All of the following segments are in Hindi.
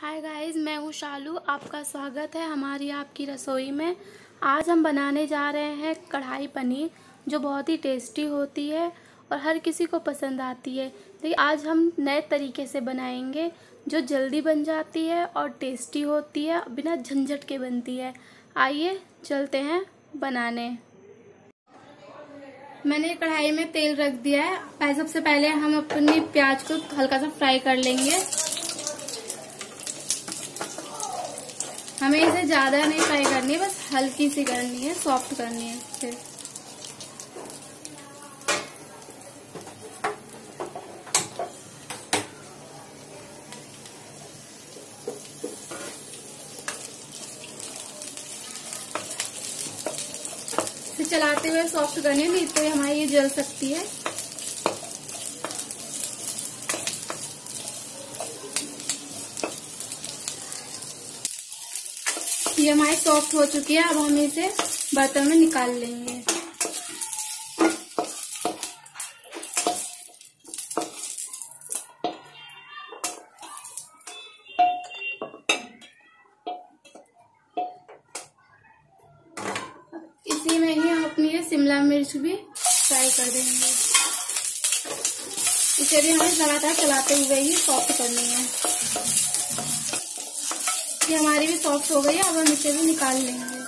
हाय गाइस मैं हूँ शालू आपका स्वागत है हमारी आपकी रसोई में आज हम बनाने जा रहे हैं कढ़ाई पनीर जो बहुत ही टेस्टी होती है और हर किसी को पसंद आती है तो आज हम नए तरीके से बनाएंगे जो जल्दी बन जाती है और टेस्टी होती है बिना झंझट के बनती है आइए चलते हैं बनाने मैंने कढ़ाई में तेल रख दिया है सबसे पहले हम अपनी प्याज को हल्का सा फ्राई कर लेंगे हमें इसे ज्यादा नहीं फ्राई करनी है बस हल्की सी करनी है सॉफ्ट करनी है फिर चलाते हुए सॉफ्ट करने नहीं तो हमारी ये जल सकती है ये हमारी सॉफ्ट हो चुकी है अब हम इसे बर्तन में निकाल लेंगे इसी में ही हम अपनी शिमला मिर्च भी फ्राई कर देंगे इसे भी हमें लगातार चलाते हुए ही सॉफ्ट करनी है ये हमारी भी सॉफ्ट हो गई है अब हम इसे भी निकाल लेंगे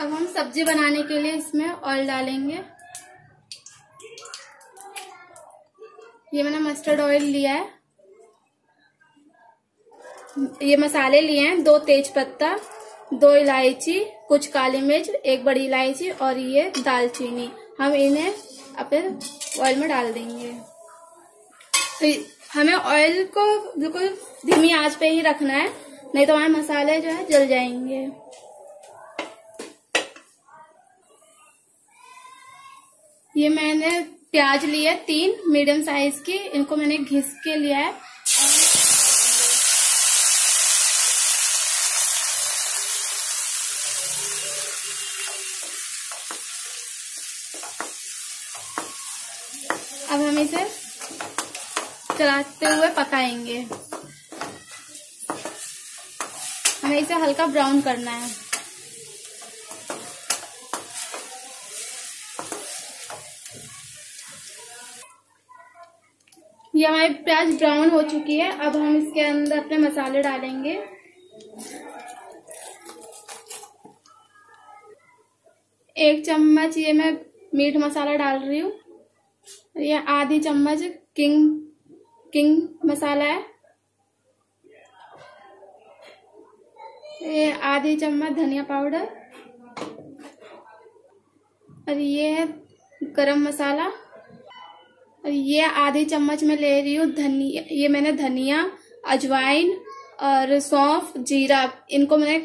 अब हम सब्जी बनाने के लिए इसमें ऑयल डालेंगे ये मैंने मस्टर्ड ऑयल लिया है ये मसाले लिए हैं दो तेज पत्ता दो इलायची कुछ काली मिर्च एक बड़ी इलायची और ये दालचीनी हम इन्हें अपने ऑयल में डाल देंगे तो हमें ऑयल को बिल्कुल धीमी आंच पे ही रखना है नहीं तो हमारे मसाले जो है जल जाएंगे ये मैंने प्याज लिया तीन मीडियम साइज की इनको मैंने घिस के लिया है अब हम इसे चलाते हुए पकाएंगे हमें इसे हल्का ब्राउन करना है ये हमारी प्याज ब्राउन हो चुकी है अब हम इसके अंदर अपने मसाले डालेंगे एक चम्मच ये मैं मीट मसाला डाल रही हूँ ये आधी चम्मच किंग किंग मसाला है ये आधी चम्मच धनिया पाउडर और ये है गरम मसाला और ये आधी चम्मच मैं ले रही हूँ धनिया ये मैंने धनिया अजवाइन और सौंफ जीरा इनको मैंने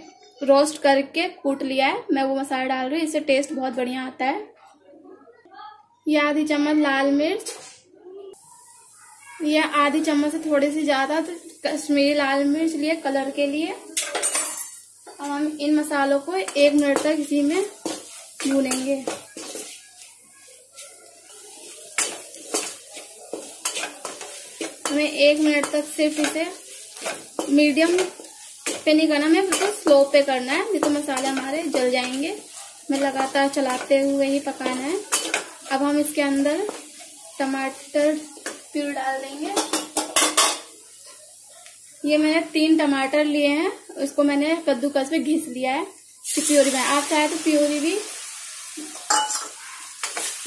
रोस्ट करके कूट लिया है मैं वो मसाला डाल रही हूँ इससे टेस्ट बहुत बढ़िया आता है या आधी चम्मच लाल मिर्च या आधी चम्मच से थोड़ी सी ज़्यादा तो कश्मीरी लाल मिर्च लिए कलर के लिए अब हम इन मसालों को एक मिनट तक इसी में भूनेंगे हमें एक मिनट तक सिर्फ इसे मीडियम पे नहीं करना हमें मतलब बिल्कुल स्लो पे करना है नहीं तो मसाले हमारे जल जाएंगे हमें लगातार चलाते हुए ही पकाना है अब हम इसके अंदर टमाटर प्यूर डाल देंगे ये मैंने तीन टमाटर लिए हैं इसको मैंने कद्दूकस में घिस लिया है प्योरी में आप चाहे तो प्योरी भी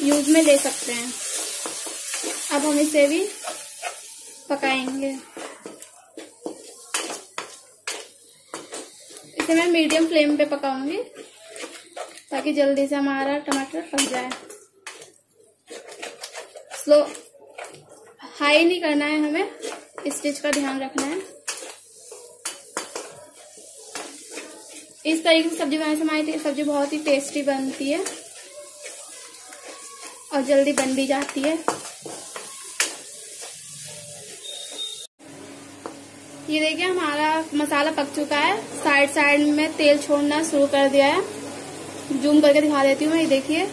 यूज में ले सकते हैं अब हम इसे भी पकाएंगे इसे मैं मीडियम फ्लेम पे पकाऊंगी ताकि जल्दी से हमारा टमाटर पक जाए स्लो हाई नहीं करना है हमें इस चीज का ध्यान रखना है इस तरीके से सब्जी बनाने से हमारी सब्जी बहुत ही टेस्टी बनती है और जल्दी बन भी जाती है ये देखिए हमारा मसाला पक चुका है साइड साइड में तेल छोड़ना शुरू कर दिया है जूम करके दिखा देती हूँ ये देखिए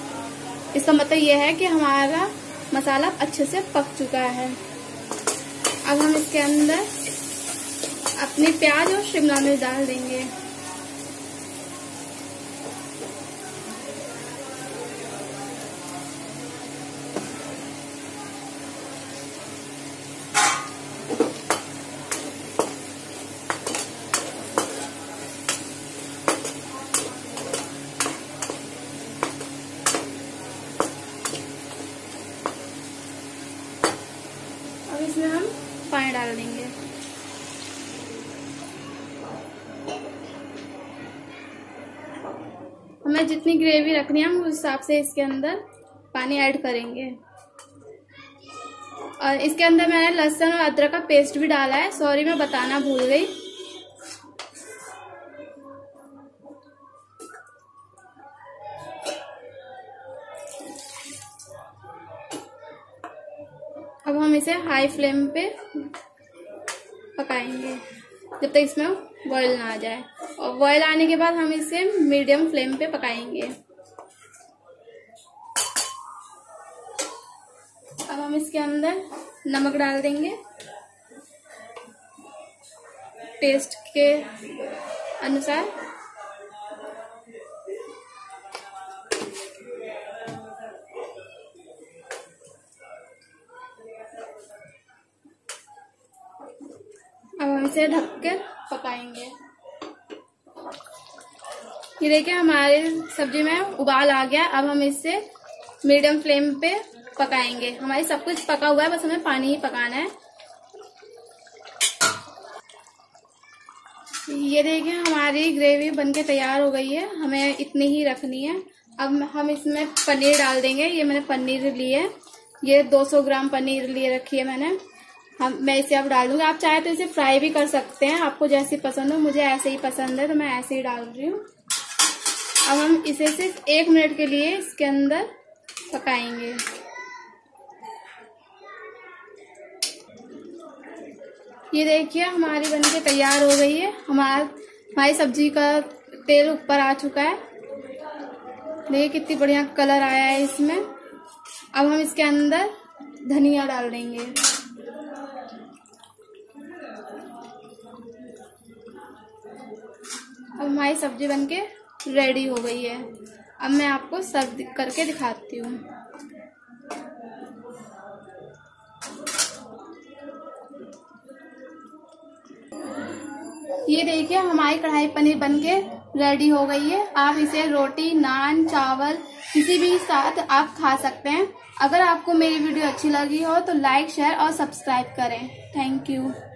इसका मतलब ये है कि हमारा मसाला अच्छे से पक चुका है अब हम इसके अंदर अपने प्याज और शिमला मिर्च डाल देंगे हमें जितनी ग्रेवी रखनी है हम उस हिसाब से इसके अंदर पानी ऐड करेंगे और इसके अंदर मैंने लहसुन और अदरक का पेस्ट भी डाला है सॉरी मैं बताना भूल गई अब हम इसे हाई फ्लेम पे पकाएंगे जब तक इसमें बॉईल ना आ जाए और बॉयल आने के बाद हम इसे मीडियम फ्लेम पे पकाएंगे अब हम इसके अंदर नमक डाल देंगे टेस्ट के अनुसार अब हम इसे ढक कर पकाएंगे ये देखिए हमारे सब्जी में उबाल आ गया अब हम इसे मीडियम फ्लेम पे पकाएंगे हमारी सब कुछ पका हुआ है बस हमें पानी ही पकाना है ये देखिए हमारी ग्रेवी बनके तैयार हो गई है हमें इतनी ही रखनी है अब हम इसमें पनीर डाल देंगे ये मैंने पनीर ली है ये 200 ग्राम पनीर लिए रखी है मैंने हम मैं इसे अब डाल दूंगी आप चाहे तो इसे फ्राई भी कर सकते हैं आपको जैसी पसंद हो मुझे ऐसे ही पसंद है तो मैं ऐसे ही डाल रही हूँ अब हम इसे सिर्फ एक मिनट के लिए इसके अंदर पकाएंगे ये देखिए हमारी बनके तैयार हो गई है हमारा हमारी सब्जी का तेल ऊपर आ चुका है देखिए कितनी बढ़िया कलर आया है इसमें अब हम इसके अंदर धनिया डाल देंगे अब हमारी सब्जी बनके रेडी हो गई है अब मैं आपको सर्व करके दिखाती हूँ ये देखिए हमारी कढ़ाई पनीर बन के रेडी हो गई है आप इसे रोटी नान चावल किसी भी साथ आप खा सकते हैं अगर आपको मेरी वीडियो अच्छी लगी हो तो लाइक शेयर और सब्सक्राइब करें थैंक यू